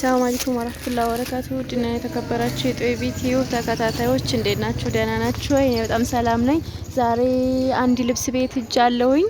ሰላም አለይኩም ወራህመቱላሂ ወበረካቱ ድና የተከበራችሁ የጦይ ቤት ተከታታዮች እንዴት ናችሁ? ደህና ናችሁ? እኔ በጣም ሰላም ነኝ። ዛሬ አንድ ልብስ ቤት እጃለሁኝ።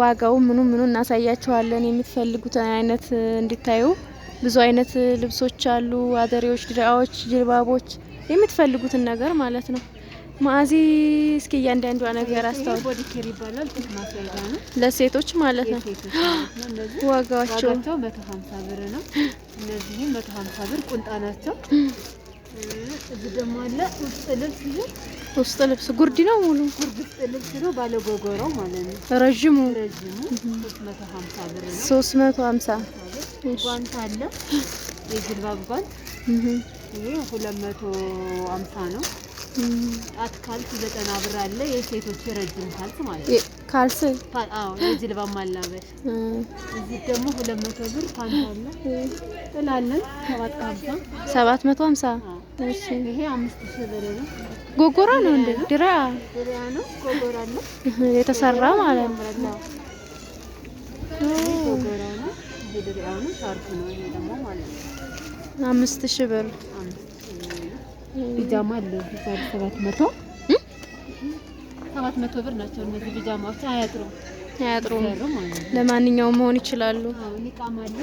ዋጋው ምኑ ምኑ እናሳያችኋለን። የምትፈልጉት አይነት እንድታዩ ብዙ አይነት ልብሶች አሉ። አደሬዎች፣ ድራዎች፣ ጅልባቦች የምትፈልጉትን ነገር ማለት ነው። ማዚ እስኪ እያንዳንዷ ነገር አስተዋል። ቦዲ ኬር ይባላል ለሴቶች ማለት ነው። ዋጋቸው መቶ ሀምሳ ብር ነው። እነዚህም መቶ ሀምሳ ብር ቁንጣ ናቸው። እዚህ ደግሞ አለ ውስጥ ልብስ ይሄ ውስጥ ልብስ ጉርድ ነው። ሙሉ ጉርድ ውስጥ ልብስ ነው። ባለ ጎጎረው ማለት ነው። ረዥሙ ረዥሙ 350 ብር ነው። 350 ጓንት አለ የጅልባብ ጓንት ይሄ 250 ነው። ጣት ካልስ ዘጠና ብር አለ። የሴቶች የረጅም ካልስ ማለት ነው። ካልስ አዎ፣ የጅልባ ማላበሽ እዚህ ደግሞ ሁለት መቶ ብር ፓንት ጥላለን ሰባት ሀምሳ ሰባት መቶ ሀምሳ ይሄ አምስት ሺህ ብር ነው። ጎጎራ ነው እንዴ? ድራ ድራ ነው ጎጎራ ነው የተሰራ ማለት ነው። ጎጎራ ነው። ይሄ ነው። ሻርፕ ነው ይሄ ደግሞ ማለት ነው። አምስት ሺህ ብር ቢጃማ አለ ቢጃማ ሰባት መቶ ሰባት መቶ ብር ናቸው እነዚህ ቢጃማዎች። አያጥሩም አያጥሩም፣ ለማንኛውም መሆን ይችላሉ። ኒቃም አለ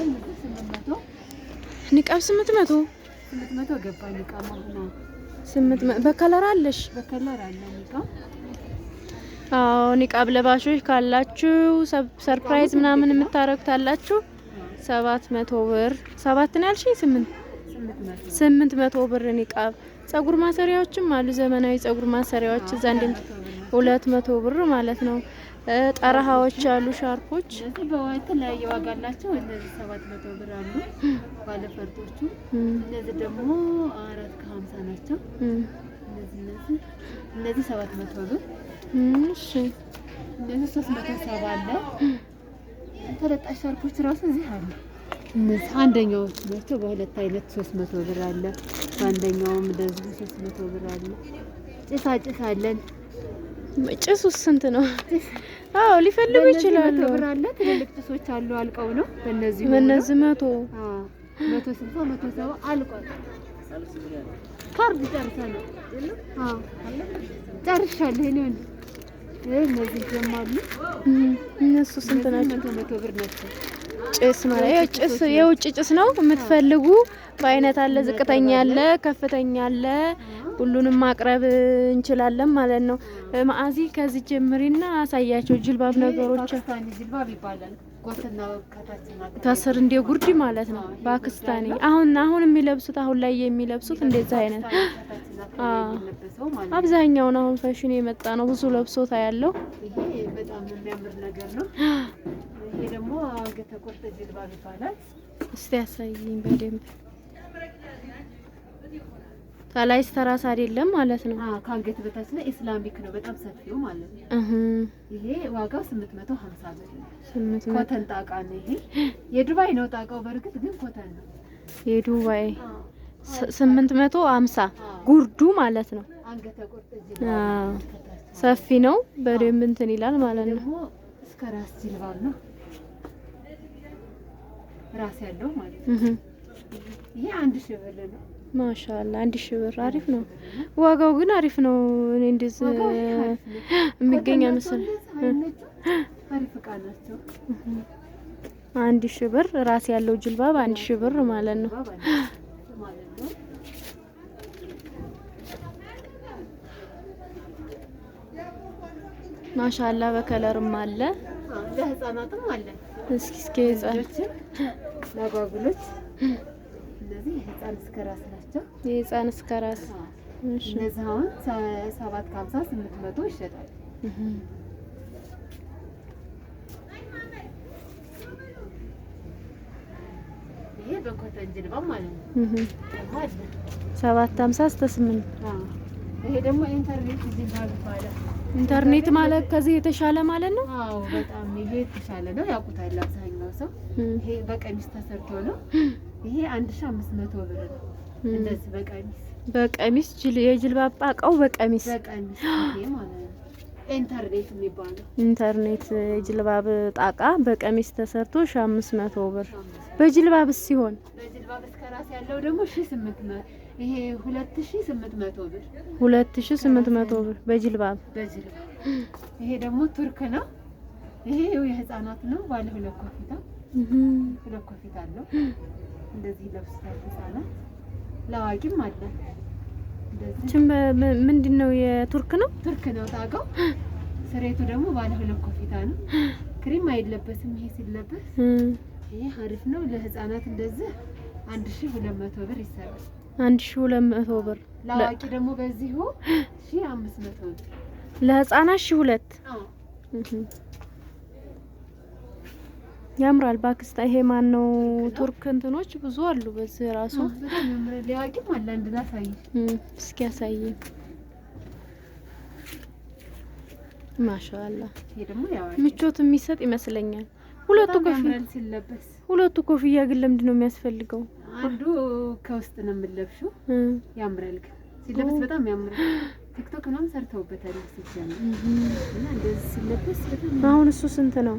ስምንት መቶ ስምንት መቶ ገባ ስምንት በከለር አለሽ በከለር አለ አዎ ኒቃብ ለባሾች ካላችሁ ሰርፕራይዝ ምናምን የምታረጉት አላችሁ። ሰባት መቶ ብር ሰባት ነው ያልሽኝ ስምንት ስምንት መቶ ብር ኒቃብ። ጸጉር ማሰሪያዎችም አሉ ዘመናዊ ጸጉር ማሰሪያዎች እዛ እንደ ሁለት መቶ ብር ማለት ነው። ጠረሃዎች አሉ ሻርፖች በተለያየ ዋጋ አላቸው። እነዚህ ሰባት መቶ ብር አሉ ባለፈርጦቹ። እነዚህ ደግሞ አራት ከሀምሳ ናቸው። እነዚህ ሰባት መቶ ብር እሺ። እነዚህ ሶስት መቶ ሰባ አለ። ተለጣሽ ሻርፖች ራሱ እዚህ አሉ እነዚህ አንደኛዎቹ ናቸው። በሁለት አይነት ሶስት መቶ ብር አለ። በአንደኛውም እንደዚህ ሶስት መቶ ብር አለ። ጭሳ ጭስ አለን። ጭሱ ስንት ነው? አዎ ሊፈልጉ ይችላሉ። ብር አለ። ትልልቅ ጭሶች አሉ። አልቀው ነው በእነዚህ በእነዚህ መቶ መቶ ስልሳ መቶ ሰባ አልቋል። ካርድ ጨርሳለሁ። አዎ ጨርሻለሁ። እኔ እነዚህ ጀማሉ እነሱ ስንት ናቸው? መቶ መቶ ብር ናቸው። ጭስ ማለት ጭስ የውጭ ጭስ ነው የምትፈልጉ በአይነት አለ፣ ዝቅተኛ አለ፣ ከፍተኛ አለ። ሁሉንም ማቅረብ እንችላለን ማለት ነው። ማአዚ ከዚህ ጀምሪና አሳያቸው ጅልባብ ነገሮች ከስር እንደ ጉርድ ማለት ነው። ፓኪስታኒ አሁን አሁን የሚለብሱት አሁን ላይ የሚለብሱት እንደዛ አይነት አብዛኛውን አሁን ፋሽን የመጣ ነው። ብዙ ለብሶታ ያለው ደግሞ አንገት ተቆርጠ ጅልባብ ይባላል። እስቲ ያሳይኝ በደንብ ከላይ ስተራስ አይደለም ማለት ነው። አዎ ከአንገት በታች ላይ ኢስላሚክ ነው፣ በጣም ሰፊው ማለት ነው። እህ ይሄ ዋጋው 850 ብር ነው። 800 ኮተን ጣቃ ነው። ይሄ የዱባይ ነው ጣቃው፣ በእርግጥ ግን ኮተን ነው የዱባይ 850 ጉርዱ ማለት ነው። አንገት ተቆርጠ ጅልባብ ሰፊ ነው፣ በደንብ እንትን ይላል ማለት ነው። እስከ ራስ ጅልባብ ነው። ራስ ያለው ማለት ነው። ይሄ አንድ ሺህ ብር ነው። ማሻአላ አንድ ሺህ ብር አሪፍ ነው። ዋጋው ግን አሪፍ ነው። እኔ እንደዚህ የሚገኝ መሰለኝ። አሪፍ እቃ ናቸው። አንድ ሺህ ብር ራስ ያለው ጅልባብ አንድ ሺህ ብር ማለት ነው። ማሻአላ በከለርም አለ፣ ለህፃናትም አለ። እስኪ እስኪ ለአጓጉሎች እነዚህ የህፃን እስከ ራስ ናቸው። የህፃን እስከ ራስ እነዚህ አሁን ሰባት ከሀምሳ ስምንት መቶ ይሸጣል። ይሄ በኮተን ጅልባ ማለት ነው። ሰባት ሀምሳ እስከ ስምንት ይሄ ደግሞ ኢንተርኔት ጅልባ ይባላል። ኢንተርኔት ማለት ከዚህ የተሻለ ማለት ነው። አዎ በጣም ይሄ የተሻለ ነው። ያውቁታል አብዛኛው ማለት ይሄ በቀሚስ ተሰርቶ ነው። ይሄ አንድ ሺህ አምስት መቶ ብር ነው። እንደዚህ በቀሚስ በቀሚስ የጅልባባ እቃው በቀሚስ በቀሚስ ማለት ነው። ኢንተርኔት የሚባለው የጅልባብ ጣቃ በቀሚስ ተሰርቶ 500 ብር። በጅልባብ ሲሆን በጅልባብ እስከ ራስ ያለው ደግሞ ይሄ ብር 2800 ብር በጅልባብ በጅልባብ። ይሄ ደግሞ ቱርክ ነው ይሄ የህፃናት ነው። ባለ ሁለት ኮፊታ ሁለት ኮፊታ አለው። እንደዚህ ይለብሳል ህፃናት፣ ለአዋቂም አለ። እቺም ምንድን ነው የቱርክ ነው ቱርክ ነው ጣቃው። ስሬቱ ደግሞ ባለ ሁለት ኮፊታ ነው። ክሪም አይለበስም። ይሄ ሲለበስ ይሄ አሪፍ ነው ለህፃናት። እንደዚህ አንድ ሺህ ሁለት መቶ ብር ይሰራል። አንድ ሺህ ሁለት መቶ ብር ለአዋቂ ደግሞ በዚሁ ሺህ አምስት መቶ ብር ለህፃናት ሺህ ሁለት ያምራል። ባክስታ ይሄ ማን ነው? ቱርክ እንትኖች ብዙ አሉ። በዚህ ራሱ እስኪ ያሳይ። ማሻአላ ምቾት የሚሰጥ ይመስለኛል። ሁለቱ ኮፍያ ሁለቱ ኮፍያ ግን ለምንድን ነው የሚያስፈልገው? አንዱ ከውስጥ ነው የምለብሹ። ያምራል ግን ሲለብስ በጣም ያምራል። ቲክቶክ ምናምን ሰርተውበታል። አሁን እሱ ስንት ነው?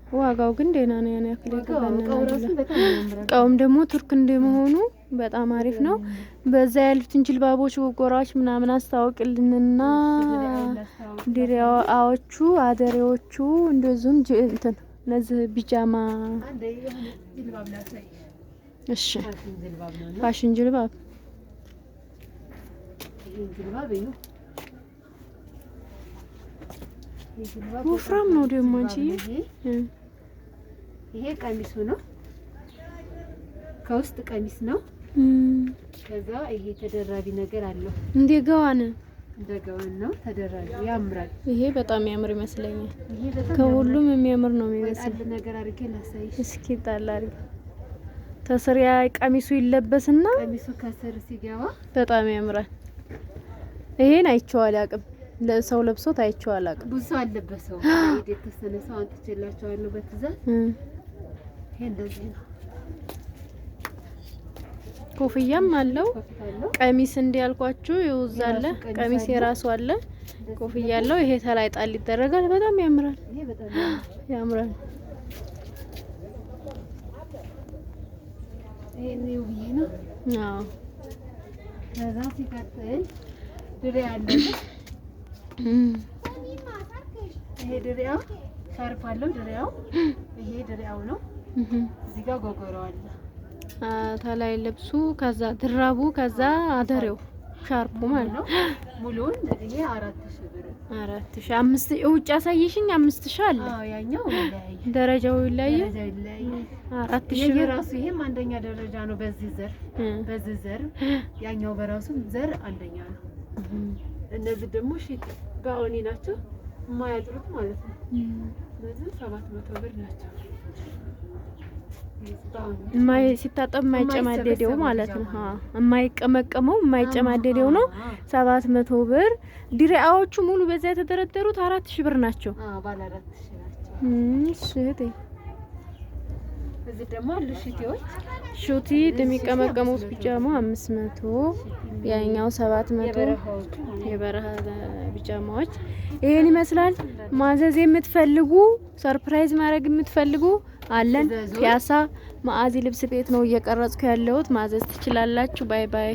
ዋጋው ግን ደህና ነው። ያን ያክል እቃውም ደግሞ ቱርክ እንደመሆኑ በጣም አሪፍ ነው። በዛ ያሉትን ጅልባቦች፣ ጎጎራዎች ምናምን አስታውቅልንና ድሪያዎቹ፣ አደሬዎቹ እንደዚሁም እንትን እነዚህ ቢጃማ እሺ፣ ፋሽን ጅልባብ ወፍራም ነው ደግሞ አንቺ ይሄ ቀሚሱ ነው። ከውስጥ ቀሚስ ነው። ከዛ ይሄ ተደራቢ ነገር አለው። እንዴ ገዋን እንደ ገዋን ነው ተደራቢ። ያምራል። ይሄ በጣም ያምር ይመስለኛል። ከሁሉም የሚያምር ነው የሚመስል ነገር አድርጌ ላሳይሽ እስኪ። ጣል አድርጌ ተስር ያ ቀሚሱ ይለበስና ቀሚሱ ከስር ሲገባ በጣም ያምራል። ይሄን አይቼው አላውቅም። ለሰው ለብሶት አይቼው አላውቅም። ብዙ ሰው አለበሰው። የተወሰነ ሰው አንጥቼላቸዋለሁ በትዕዛዝ እንደዚህ ነው። ኮፍያም አለው። ቀሚስ እንዲያልኳችሁ ይውዛለ ቀሚስ የራሱ አለ። ኮፍያ አለው። ይሄ ተላይ ጣል ይደረጋል። በጣም ያምራል፣ ያምራል። ይሄ ድሪያው ሻርፕ አለው። ድሪያው ይሄ ድሪያው ነው። እዚህ ጋር ጎጎሮ አለ ተላይ ልብሱ ከዛ ድራቡ ከዛ አደሬው ሻርፑ ማለት ነው። ሙሉውን ይሄ አራት ሺህ ብር አራት ሺህ አምስት ውጭ ያሳየሽኝ አምስት ሺህ አለ። አዎ ያኛው ደረጃው ይለያል። አራት ሺህ ብር ራሱ ይሄም አንደኛ ደረጃ ነው። በዚህ ዘር በዚህ ዘር ያኛው በራሱ ዘር አንደኛ ነው። እነዚህ ደግሞ ሺት በአሁኔ ናቸው። የማያጥሩት ማለት ነው። እነዚህ ሰባት መቶ ብር ናቸው። ሲታጠብ የማይጨማደደው ማለት ነው። የማይቀመቀመው የማይጨማደደው ነው። ሰባት መቶ ብር ድሪያዎቹ ሙሉ በዛ የተደረደሩት አራት ሺ ብር ናቸው። እዚህ ሹቲ የሚቀመቀሙት ቢጃማ አምስት መቶ ያኛው ሰባት መቶ የበረሃ ቢጃማዎች ይህን ይመስላል። ማዘዝ የምትፈልጉ ሰርፕራይዝ ማድረግ የምትፈልጉ አለን። ፒያሳ ማአዚ ልብስ ቤት ነው እየቀረጽኩ ያለሁት። ማዘዝ ትችላላችሁ። ባይ ባይ።